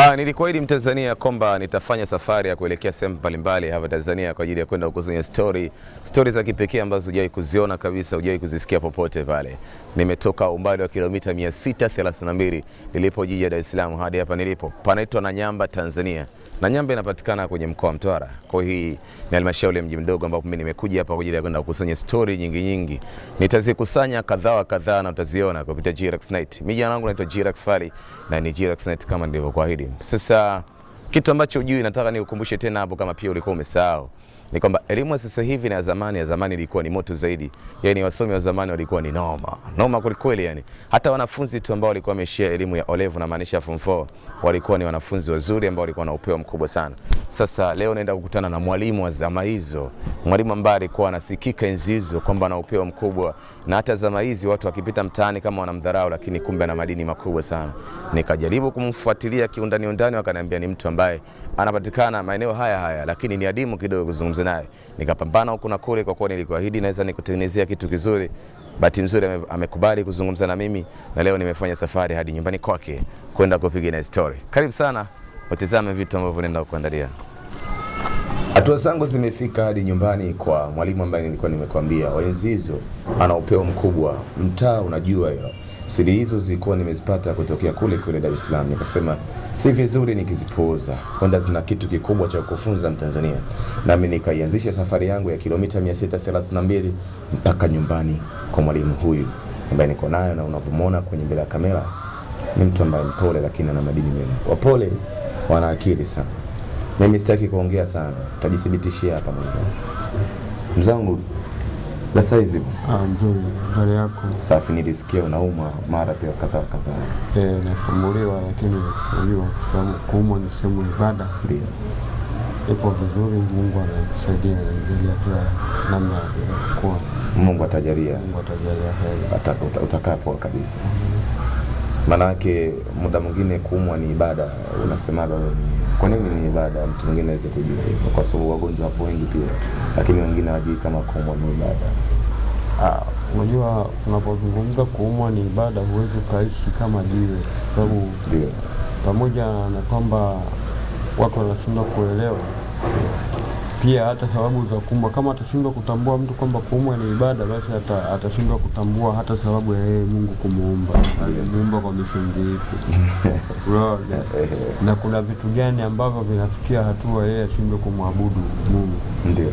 Ah, nilikuahidi Mtanzania kwamba nitafanya safari ya kuelekea sehemu mbalimbali hapa Tanzania kwa ajili ya kwenda kukusanya story, story za kipekee ambazo hujawahi kuziona kabisa, hujawahi kuzisikia popote pale. Nimetoka umbali wa kilomita 632 nilipo jiji la Dar es Salaam hadi hapa nilipo. Panaitwa Nanyamba, Tanzania na Nyamba inapatikana kwenye mkoa wa Mtwara. Kwa hii ni halmashauri ya mji mdogo ambapo mimi nimekuja hapa kwa ajili ya kwenda kukusanya stori nyingi nyingi. Nitazikusanya kadhaa wa kadhaa na utaziona kupitia Jirax Night. Mimi jina langu naitwa Jirax Fali na ni Jirax Night kama nilivyokuahidi. Sasa kitu ambacho juu nataka nikukumbushe tena hapo kama pia ulikuwa umesahau ni kwamba elimu ya sasa hivi na ya zamani, ya zamani ilikuwa ni moto zaidi, yani wasomi wa zamani walikuwa ni noma noma kwelikweli, yani hata wanafunzi tu ambao walikuwa wameshia elimu ya olevu na maanisha form 4 walikuwa ni wanafunzi wazuri ambao walikuwa na upeo mkubwa sana. Sasa leo naenda kukutana na mwalimu wa zama hizo, mwalimu ambaye alikuwa anasikika enzi hizo kwamba ana upeo mkubwa, na hata zama hizi watu wakipita mtaani kama wanamdharau, lakini kumbe ana madini makubwa sana. Nikajaribu kumfuatilia kiundani undani, wakaniambia ni mtu ambaye anapatikana maeneo haya haya, lakini ni adimu kidogo kuzungumza nizungumze naye. Nikapambana huku na kule, kwa kuwa nilikuahidi naweza nikutengenezea kitu kizuri. Bahati nzuri amekubali kuzungumza na mimi na leo nimefanya safari hadi nyumbani kwake kwenda kupiga na story. Karibu sana utizame vitu ambavyo naenda kuandalia Hatua zangu zimefika hadi nyumbani kwa mwalimu ambaye nilikuwa nimekwambia, waenzi ana upeo mkubwa, mtaa unajua hilo. Siri hizo zilikuwa nimezipata kutokea kule kule Dar es Salaam. Nikasema si vizuri nikizipuuza, kwenda zina kitu kikubwa cha kufunza Mtanzania, nami nikaianzisha safari yangu ya kilomita 632 mpaka nyumbani kwa mwalimu huyu ambaye niko nayo na unavyomwona kwenye mbele ya kamera ni mtu ambaye mpole, lakini ana madini mengi. Wapole wana akili sana. Mimi sitaki kuongea sana, tutajithibitishia hapa mwenyewe mzangu. Pesa hizi ah, nzuri, hali yako safi? Nilisikia unauma mara pia kadhaa kadhaa. Eh, nafumuliwa lakini nafumuliwa kwa sababu kuumwa ni sehemu ibada. Ndio ipo vizuri, Mungu ananisaidia ananisaidia kila namna ya kuwa. Mungu atajalia, Mungu atajalia heri utakapoa kabisa. Maanake muda mwingine kuumwa ni ibada, unasemaga wewe kwa nini ni ibada? Mtu mwingine aweze kujua hivyo, kwa sababu wagonjwa hapo wengi pia, lakini wengine hawajui kama kuumwa ni ibada. Ah, unajua, unapozungumza kuumwa ni ibada, huwezi ukaishi kama jiwe, sababu pamoja na kwamba watu wanashindwa kuelewa pia hata sababu za kuumwa. Kama atashindwa kutambua mtu kwamba kuumwa ni ibada, basi hata atashindwa kutambua hata sababu ya yeye Mungu kumuumba. Alimuumba kwa misingi ipi? na kuna vitu gani ambavyo vinafikia hatua yeye ashindwe kumwabudu Mungu? Ndio.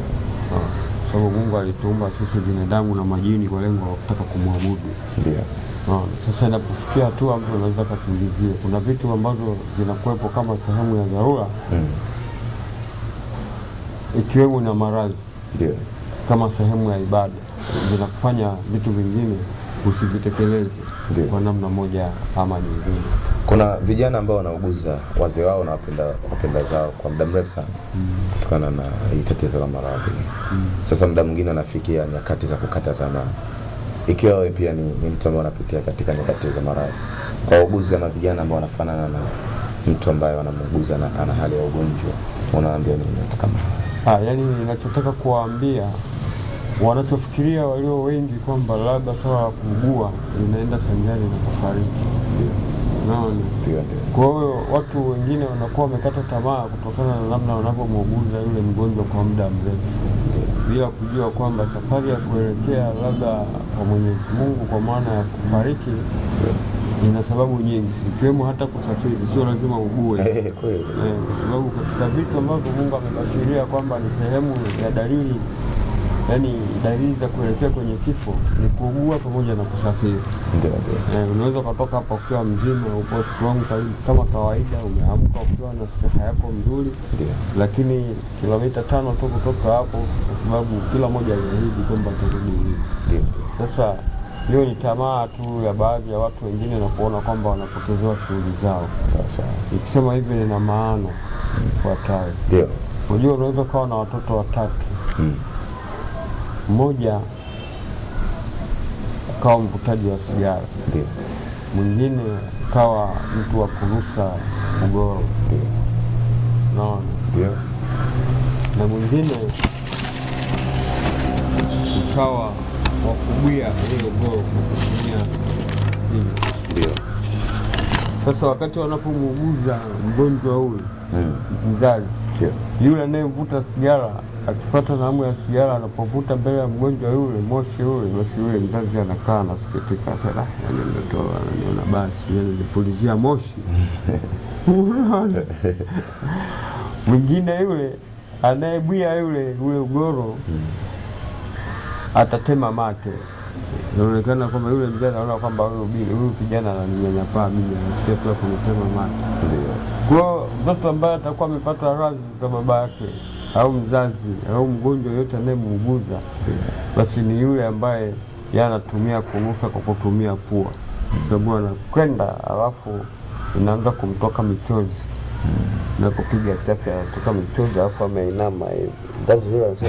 Ah sababu Mungu alituumba sisi binadamu na majini kwa lengo la kutaka kumwabudu. Ndio. Sasa inapofikia hatua mtu anaweza kasingizie, kuna vitu ambavyo vinakuwepo kama sehemu ya dharura mm. ikiwemo na maradhi kama sehemu ya ibada vinakufanya vitu vingine usivitekeleze kwa namna moja ama nyingine. Kuna vijana ambao wanauguza wazee wao na wapenda, wapenda zao kwa muda mrefu sana mm. kutokana na hii tatizo la maradhi mm. Sasa muda mwingine anafikia nyakati za kukata tamaa. Ikiwa wewe pia ni, ni mtu ambaye anapitia katika nyakati za maradhi, kwa uguzi ama vijana ambao wanafanana na mtu ambaye wanamuuguza na ana hali ya ugonjwa, unaambia nini kama? Ah, yani ninachotaka kuwaambia wanachofikiria walio wengi kwamba labda swala la kuugua linaenda sanjari na kufariki. Naona kwa hiyo watu wengine wanakuwa wamekata tamaa kutokana na namna wanavyomuuguza yule mgonjwa kwa muda mrefu, bila kujua kwamba safari ya kuelekea labda kwa Mwenyezi Mungu, kwa maana ya kufariki ina sababu nyingi ikiwemo hata kusafiri, sio lazima ugue eh, kwa sababu katika vitu ambavyo Mungu amebashiria kwamba ni sehemu ya dalili yani dalili za kuelekea kwenye kifo ni kuugua pamoja na kusafiri. Ndio, ndio. Eh, unaweza ukatoka hapa ukiwa mzima, upo strong kama kawaida, umeamka ukiwa na siha yako mzuri, lakini kilomita tano tu kutoka hapo, kwa sababu kila mmoja aliahidi kwamba atarudi hivi. Sasa hiyo ni tamaa tu ya baadhi ya watu wengine na kuona kwamba wanapotezewa shughuli zao. Sasa nikisema hivi nina maana ifuatayo. Ndio, unajua unaweza ukawa na watoto watatu hmm mmoja kawa mvutaji wa sigara, ndio mwingine kawa mtu wa kurusa ugoro, naona ndio, na mwingine ukawa wa kubwia ile ugoro kwa kutumia hivi, ndio. Sasa wakati wanapomuuguza mgonjwa huyu hmm. mzazi, yule anayemvuta sigara akipata namu ya sigara, anapovuta mbele ya mgonjwa yule, moshi yule, moshi yule, mzazi anakaa anasikitika, sasa yani mtoto niona basi yani nipulizia moshi mwingine yule anayebwia yule ule ugoro atatema mate, inaonekana kwamba yule mzazi anaona kwamba huyu kijana ananinyanyapaa mimi, anasikia pia kunitema mate. Kwa mtoto ambaye atakuwa amepata radhi za baba yake au mzazi au mgonjwa yoyote anayemuuguza, basi ni yule ambaye yeye anatumia kunusa kwa kutumia pua, sababu anakwenda alafu inaanza kumtoka michozi na kupiga chafi, anatoka michozi alafu ameinama hivi.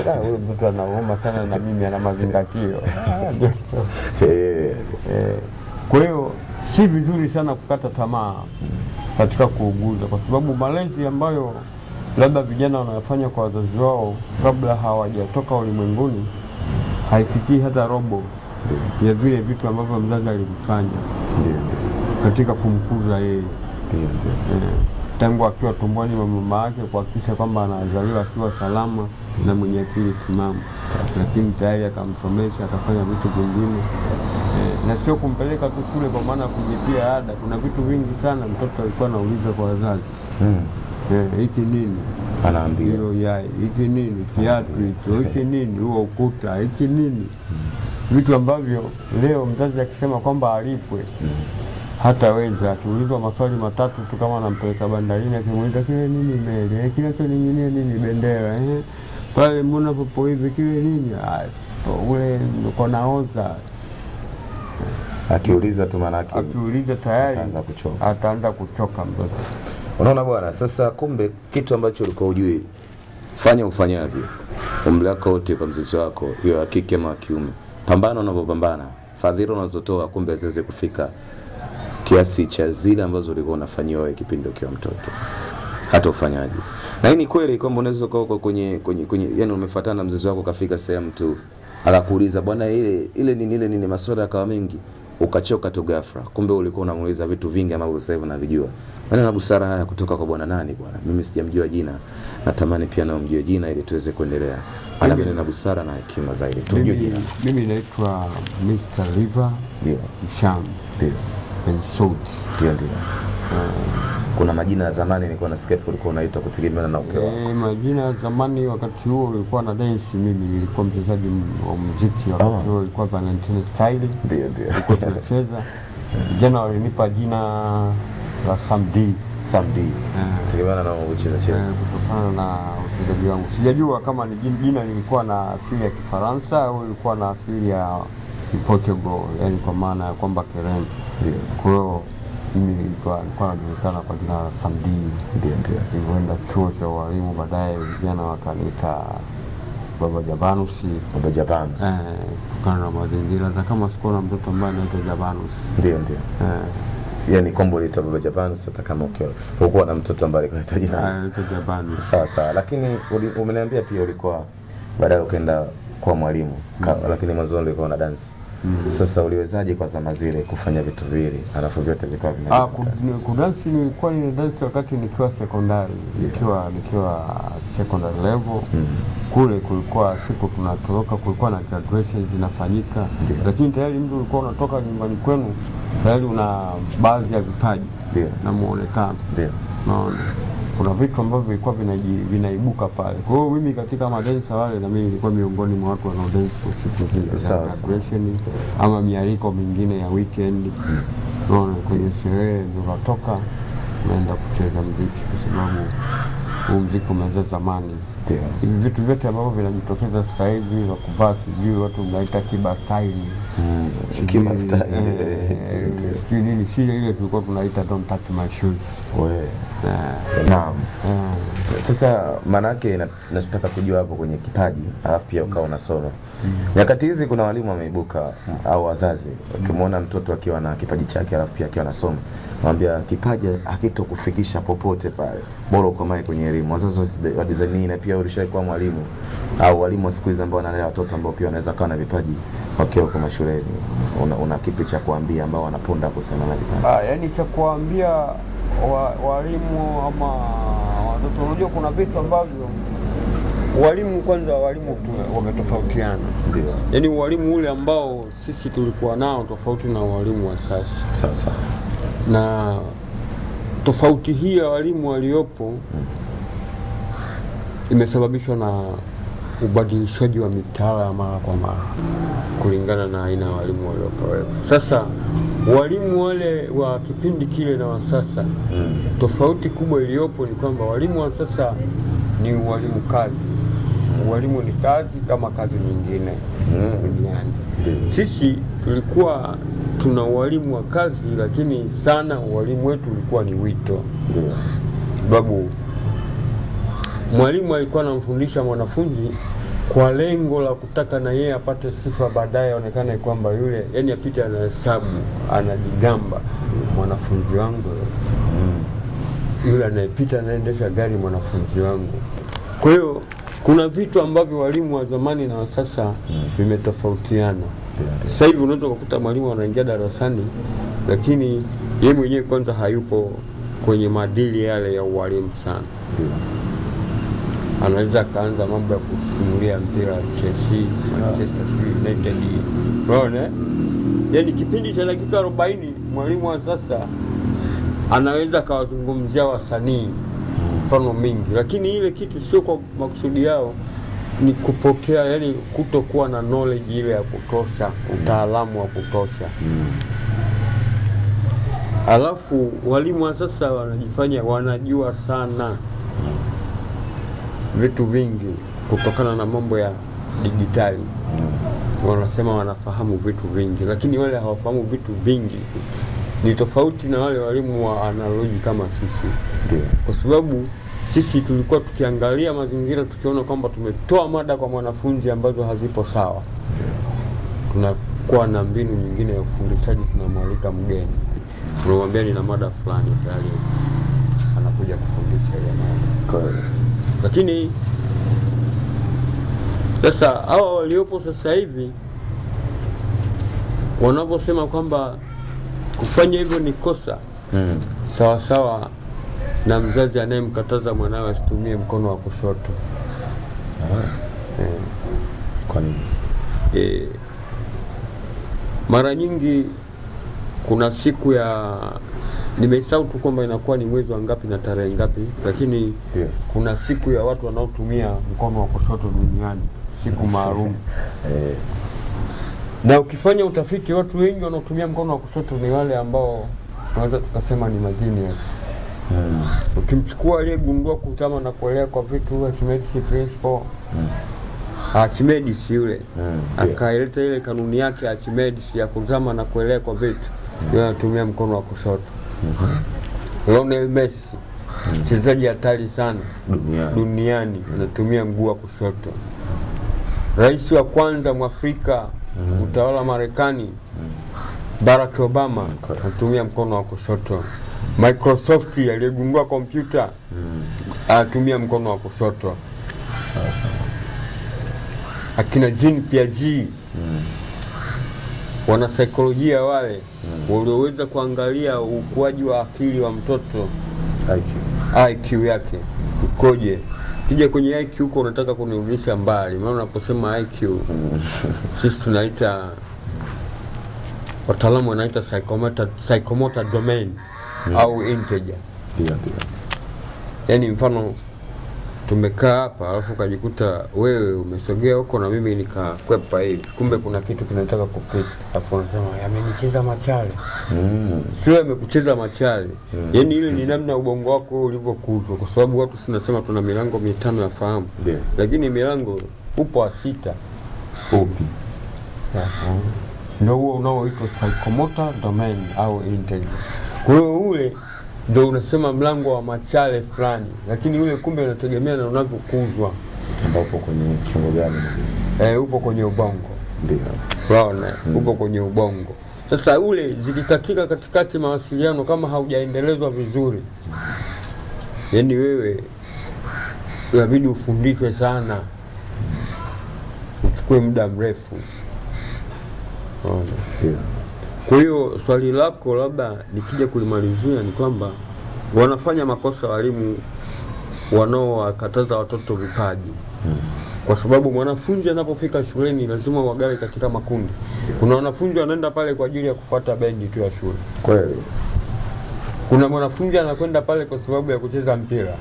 Ah, huyu mtoto anauma sana na mimi ana mazingatio. Eh, eh. Kwa hiyo si vizuri sana kukata tamaa katika kuuguza, kwa sababu malezi ambayo labda vijana wanayofanya kwa wazazi wao kabla hawajatoka ulimwenguni haifikii hata robo ya vile vitu ambavyo mzazi alivifanya katika kumkuza yeye eh, tangu akiwa tumboni mwa mama yake, kuhakikisha kwamba anazaliwa akiwa salama na mwenye akili timamu, lakini tayari akamsomesha akafanya vitu vingine eh, na sio kumpeleka tu shule kwa maana ya kujipia ada. Kuna vitu vingi sana mtoto alikuwa anauliza kwa wazazi hmm. Eh, hiki nini anaambia hilo yai hiki nini, kiatu hicho eh. hiki nini, huo ukuta hiki nini, vitu ambavyo leo mzazi akisema kwamba alipwe hataweza. Akiulizwa maswali matatu tu, kama anampeleka bandarini, akimuuliza kile nini mbele, eh, kinachoning'inia nini, bendera eh, pale mbona popo hivi, kile nini ule uko naoza akiuliza tu, manake akiuliza tayari ataanza kuchoka mtoto. Unaona bwana, sasa kumbe kitu ambacho ulikuwa ujui, fanya ufanyavyo, umri wako wote kwa mzizi wako, hiyo ya kike ama kiume, pambana unavyopambana, fadhila unazotoa, kumbe ziweze kufika kiasi cha zile ambazo ulikuwa unafanyiwa wewe kipindi ukiwa mtoto hata ufanyaji. Na hii ni kweli kwamba unaweza kwa kwa kwenye kwenye, kwenye yani umefuatana mzizi wako kafika sehemu tu akakuuliza bwana, ile ile nini ile nini, maswala yakawa mengi, ukachoka tu ghafla, kumbe ulikuwa unamuuliza vitu vingi ambavyo sasa hivi unavijua. Maneno na busara haya kutoka kwa bwana nani, bwana mimi sijamjua jina, natamani pia nao mjue jina ili tuweze kuendelea. Ana maneno na busara na hekima zaidi, tumjue jina. Mimi naitwa Mr. Liver Msham, ndio ndio ndio uh, kuna majina ya zamani nilikuwa na skate ulikuwa unaitwa kutegemeana na upewa. Eh, majina ya zamani wakati huo ulikuwa na dance, mimi nilikuwa mchezaji wa muziki wa wakati oh. huo ilikuwa Valentine Style. Ndio ndio. Nilikuwa tunacheza. Jana walinipa jina la Samdi. Samdi. Eh. Kutegemeana na ucheza cheza. Eh, kutokana na uchezaji wangu. Sijajua kama ni jina lilikuwa na asili ya Kifaransa au ilikuwa na asili ya Portugal, yani kwa maana ya kwamba Kireno. Ndio. Kwa hiyo mimi nilikuwa najulikana kwa jina la Samdi. Nilivyoenda chuo cha ualimu baadaye, vijana wakaniita Baba Jabanusi, Baba Jabanus eh, kutokana na mazingira, hata kama sikuwa na mtoto ambaye anaitwa Jabanus. Ndio, ndio eh. Yani, kombo uliitwa Baba Jabanus hata kama ukuwa na mtoto ambaye alikuwa anaitwa jina ah, Jabanus. Sawa sawa, lakini umeniambia pia ulikuwa baadaye ukaenda kwa mwalimu, lakini mwanzoni ulikuwa na dansi Mm. Sasa uliwezaje kwa zama zile kufanya vitu vili alafu vyote vilikuwa vina ah, kudansi nilikuwa ile dansi wakati nikiwa sekondari yeah. nikiwa nikiwa secondary level mm. kule kulikuwa siku tunatoroka, kulikuwa na graduation zinafanyika yeah. lakini tayari mtu ulikuwa unatoka nyumbani kwenu tayari una baadhi ya vipaji yeah. na muonekano yeah. naona kuna vitu ambavyo vilikuwa vinaibuka pale. Kwa hiyo mimi katika madensa wale, na mimi nilikuwa miongoni mwa watu wanaodensa siku zile, ama mialiko mingine ya weekend hmm. naona kwenye sherehe, ndio natoka naenda kucheza mziki kwa sababu huu mziki zamani. Hivi vitu vyote ambavyo vinajitokeza sasa hivi vya kuvaa, sijui watu mnaita kiba style, hmm, kiba style eh, nini, shile ile tulikuwa tunaita don't touch my shoes. Naam. Eh. Sasa maanake nataka kujua hapo kwenye kipaji, alafu pia ukawa na solo Nyakati hizi kuna walimu wameibuka au wazazi, wakimwona mtoto akiwa na kipaji chake alafu pia akiwa anasoma, anamwambia kipaji hakitokufikisha popote pale, bora ukomae kwenye elimu. Wazazi wadizani, na pia ulishakuwa mwalimu au walimu wa siku hizi ambao wanalea watoto ambao pia wanaweza kuwa na vipaji wakiwa kwa mashuleni, una, una kipi cha kuambia ambao wanaponda kusema na vipaji? Ah, yani cha kuambia walimu wa ama watoto, unajua kuna vitu ambavyo Walimu kwanza, walimu wametofautiana, ndio yani walimu ule ambao sisi tulikuwa nao tofauti na walimu wa sasa. Sasa na tofauti hii ya walimu waliopo imesababishwa na ubadilishaji wa mitaala ya mara kwa mara kulingana na aina ya walimu waliopowepo. Sasa walimu wale wa kipindi kile na wa sasa, mm. tofauti kubwa iliyopo ni kwamba walimu wa sasa ni walimu kazi ualimu ni kazi kama kazi nyingine mm. duniani. Mm. Sisi tulikuwa tuna ualimu wa kazi, lakini sana ualimu wetu ulikuwa ni wito, sababu mwalimu alikuwa anamfundisha mwanafunzi kwa lengo la kutaka na yeye apate sifa baadaye, aonekane kwamba yule, yani apite, anahesabu, anajigamba, mwanafunzi wangu mm. yule anayepita anaendesha gari, mwanafunzi wangu. Kwa hiyo kuna vitu ambavyo walimu wa zamani na sasa hmm. vimetofautiana. Sasa hivi unaweza kukuta mwalimu anaingia darasani, lakini yeye mwenyewe kwanza hayupo kwenye maadili yale ya ualimu sana Anaweza akaanza mambo ya kusimulia mpira Chelsea, Manchester United, unaona yaani kipindi cha dakika arobaini mwalimu wa sasa anaweza akawazungumzia wasanii mifano mingi, lakini ile kitu sio kwa makusudi yao, ni kupokea, yani kutokuwa na knowledge ile ya kutosha, utaalamu wa kutosha mm. Alafu walimu wa sasa wanajifanya wanajua sana vitu vingi kutokana na mambo ya dijitali, hmm. wanasema wanafahamu vitu vingi, lakini wale hawafahamu vitu vingi ni tofauti na wale walimu wa analoji kama sisi yeah. Kwa sababu sisi tulikuwa tukiangalia mazingira tukiona kwamba tumetoa mada kwa mwanafunzi ambazo hazipo sawa Tunakuwa na mbinu nyingine ya ufundishaji, tunamwalika mgeni, tunamwambia nina mada fulani tayari anakuja kufundisha ile mada, lakini sasa hawa waliopo sasa hivi wanaposema kwamba Kufanya hivyo ni kosa mm. sawasawa na mzazi anayemkataza mwanawe asitumie mkono wa kushoto ah. e. E. Mara nyingi kuna siku ya nimesahau tu kwamba inakuwa ni mwezi wa ngapi na tarehe ngapi, lakini yeah. kuna siku ya watu wanaotumia mkono wa kushoto duniani, siku maalum eh. Na ukifanya utafiti, watu wengi wanaotumia mkono wa kushoto ni wale ambao tunaweza tukasema ni majini. Mm. Ukimchukua aliyegundua kutama na kuelea kwa vitu Archimedes principle mm. Archimedes yule mm, akaileta ile kanuni yake Archimedes ya kuzama na kuelea kwa vitu mm. Anatumia mkono wa kushoto mm. Lionel Messi hmm. mchezaji mm. hatari sana duniani, duniani anatumia mguu wa kushoto. Rais wa kwanza Mwafrika mm. utawala wa Marekani mm. Barack Obama alitumia mkono wa kushoto. Microsoft aliyegundua kompyuta mm. mkono wa kushoto. Akina Jean Piaget mm. wanasaikolojia wale mm. walioweza kuangalia ukuaji wa akili wa mtoto IQ, IQ yake ukoje Kija kwenye IQ huko unataka kunirudisha mbali, maana unaposema IQ sisi tunaita wataalamu wanaita psychomotor, psychomotor domain mm. au integer. yani mfano tumekaa hapa alafu ukajikuta wewe umesogea huko na mimi nikakwepa hivi, kumbe kuna kitu kinataka kupita, alafu unasema yamenicheza machale mm. Sio yamekucheza machale mm. Yani ile ni namna ubongo wako ulivyokuzwa, kwa sababu watu sinasema tuna milango mitano ya fahamu yeah. Lakini milango upo wa sita upi? ndo huo unaoitwa psychomotor domain au intelligence. Kwa hiyo ule ndo unasema mlango wa machale fulani, lakini ule kumbe unategemea na unavyokuzwa ambapo kwenye kiungo gani eh, upo kwenye ubongo ndio unaona hmm. upo kwenye ubongo sasa. Ule zikikatika katikati mawasiliano, kama haujaendelezwa vizuri, yani wewe unabidi ufundishwe sana, uchukue muda mrefu, unaona ndio. Kwa hiyo swali lako labda nikija kulimalizia ni kwamba wanafanya makosa walimu wanaowakataza watoto vipaji hmm. Kwa sababu mwanafunzi anapofika shuleni lazima wagawe katika makundi. Kuna wanafunzi wanaenda pale kwa ajili ya kufuata bendi tu ya shule kweli. Kuna mwanafunzi anakwenda pale kwa sababu ya kucheza mpira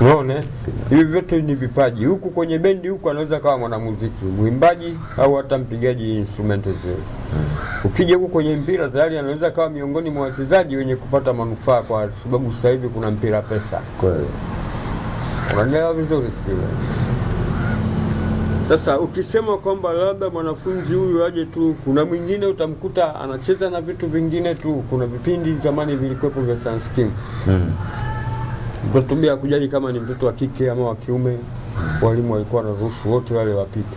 Unaona, hivi vyote ni vipaji. Huku kwenye bendi huku anaweza kawa mwanamuziki, mwimbaji au hata mpigaji instrumenti zile. Ukija huku kwenye mpira tayari anaweza kawa miongoni mwa wachezaji wenye kupata manufaa, kwa sababu sasa hivi kuna mpira pesa. Kweli vizuri sio? Sasa ukisema kwamba labda mwanafunzi huyu aje tu, kuna mwingine utamkuta anacheza na vitu vingine tu. Kuna vipindi zamani vilikuwepo vya Sanskim. mm. Tumia kujali kama ni mtoto wa kike ama wa kiume, walimu walikuwa na wanaruhusu wote wale wapite.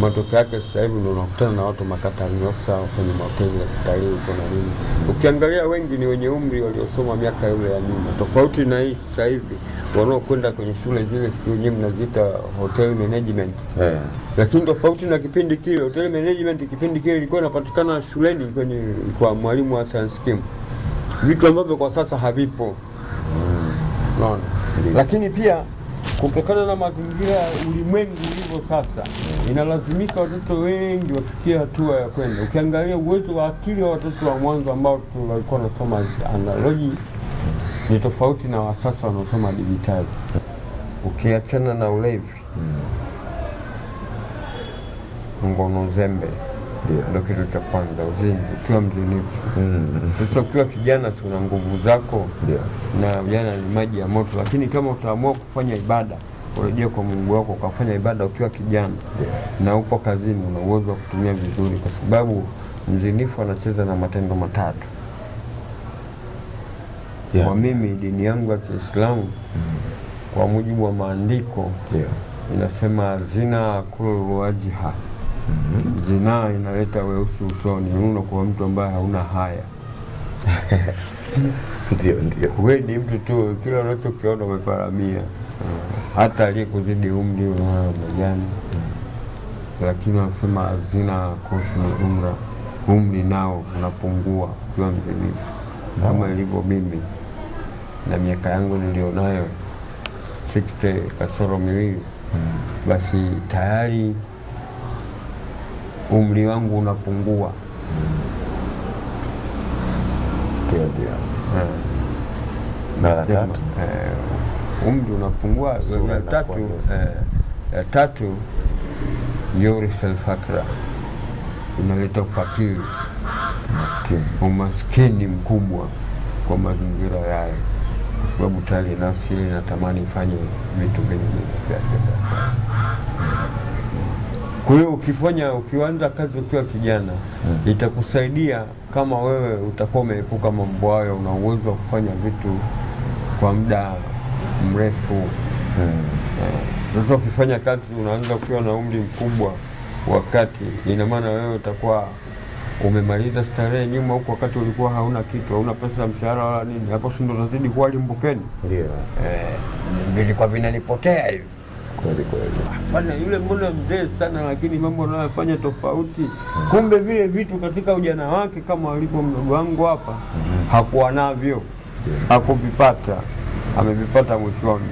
Matokeo yake sasa hivi ndio unakutana na watu makatalini, hasa kwenye mahoteli ya kitalii uko na nini. Ukiangalia wengi ni wenye umri waliosoma miaka yule ya nyuma, tofauti na hii sasa hivi wanaokwenda kwenye shule zile, siku nyingi mnaziita hotel management yeah. Lakini tofauti na kipindi kile, hotel management kipindi kile ilikuwa inapatikana shuleni kwenye kwa mwalimu wa science stream, vitu ambavyo kwa sasa havipo unaona. Lakini pia kutokana na mazingira ya ulimwengu ulivyo sasa, inalazimika watoto wengi wafikie hatua ya kwenda. Ukiangalia uwezo wa akili wa watoto wa mwanzo ambao walikuwa wanasoma analogi ni tofauti na wasasa wanaosoma dijitali. Ukiachana na ulevi, hmm. ngono, zembe ndo kitu cha kwanza, uzinzi ukiwa mzinifu. Mm. Sasa ukiwa kijana, una nguvu zako na ujana ni maji ya moto, lakini kama utaamua kufanya ibada urejea kwa Mungu wako ukafanya ibada ukiwa kijana na upo kazini, una uwezo wa kutumia vizuri, kwa sababu mzinifu anacheza na matendo matatu. Yeah. Kwa mimi dini yangu ya Kiislamu mm -hmm. Kwa mujibu wa maandiko yeah. Inasema zina kulu wajiha Mhm. Zinaa inaleta weusi usoni, yaani unakuwa mtu ambaye hauna haya ndio, ndio. we ni mtu tu, kila unachokiona umefaramia, hata aliyekuzidi umri unaona majani, lakini wanasema hazina kosi umra, umri nao unapungua ukiwa mzinifu, kama ilivyo mimi na miaka yangu nilionayo 60 kasoro miwili, hmm. basi tayari umri wangu unapungua. Ndio, ndio. Eh. Mara tatu eh, umri unapungua. Ya eh, tatu, ya tatu yurithul fakra, unaleta ufakiri, umaskini mkubwa kwa mazingira yayo, kwa sababu tayari nafsi ile inatamani ifanye vitu vingi vya kwa hiyo ukifanya ukianza kazi ukiwa kijana hmm. itakusaidia kama wewe utakuwa umeepuka mambo hayo, una uwezo wa kufanya vitu kwa muda mrefu hmm. Sasa ukifanya kazi unaanza ukiwa na umri mkubwa, wakati ina maana wewe utakuwa umemaliza starehe nyuma huko, wakati ulikuwa hauna kitu, hauna pesa ya mshahara wala nini. Hapo si ndo utazidi kuwa limbukeni? Ndio eh, vilikuwa vinanipotea hivi kweli kweli ah, bwana yule mbona mzee sana, lakini mambo anayofanya tofauti. Kumbe vile vitu katika ujana wake kama alivyo mdogo wangu hapa mhm. hakuwa navyo yeah. hakuvipata, amevipata mwishoni.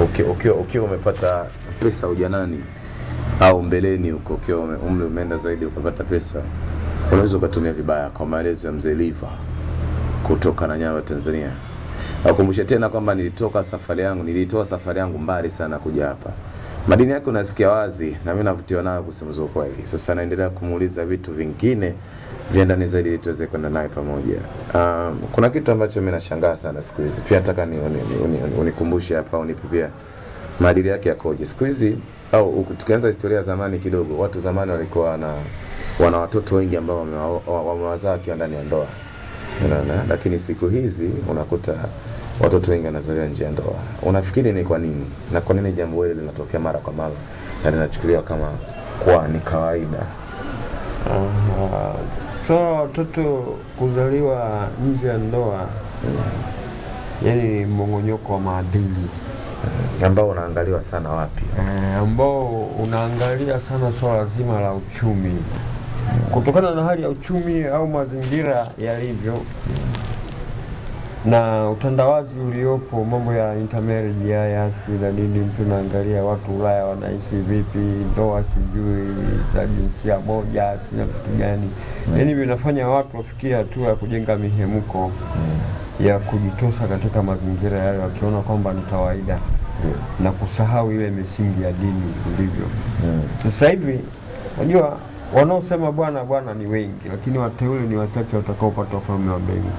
Ukiwa okay, okay, umepata pesa ujanani au mbeleni huko, ukiwa umri umeenda zaidi ukapata pesa, unaweza ukatumia vibaya, kwa maelezo ya mzee Liva kutoka na Nanyamba, Tanzania. Nakumbusha tena kwamba nilitoka safari yangu, nilitoa safari yangu mbali sana kuja hapa. Madini yake unasikia wazi na mimi navutiwa nayo kusema kweli. Sasa naendelea kumuuliza vitu vingine vya ndani zaidi ili tuweze kwenda naye pamoja. Um, kuna kitu ambacho mimi nashangaa sana siku hizi. Pia nataka ni unikumbushe uni, uni, uni hapa unipe pia maadili yake yakoje. Siku hizi au oh, tukianza historia zamani kidogo, watu zamani walikuwa na wana watoto wengi ambao wamewazaa wakiwa ndani ya ndoa. Unaona? Lakini siku hizi unakuta watoto wengi wanazaliwa nje ya ndoa. Unafikiri ni kwa nini na kwa nini jambo hili linatokea mara kwa mara na linachukuliwa kama kwa ni kawaida? Uh, so watoto kuzaliwa nje ya ndoa hmm. yani ni mmong'onyoko wa maadili hmm. ambao unaangaliwa sana wapi? Eh, ambao unaangalia sana swala zima la uchumi kutokana na hali ya uchumi au mazingira yalivyo na utandawazi uliopo, mambo ya intermarriage haya sijui na nini, mtu naangalia watu Ulaya wanaishi vipi, ndoa sijui za jinsia moja sijui kitu gani, yaani vinafanya watu wafikia hatua ya kujenga mihemko ya kujitosa katika mazingira yale, wakiona kwamba ni kawaida na kusahau ile misingi ya dini ilivyo. Sasa hivi unajua wanaosema bwana bwana ni wengi, lakini wateule ni wachache watakaopata ufalme wa mbingu.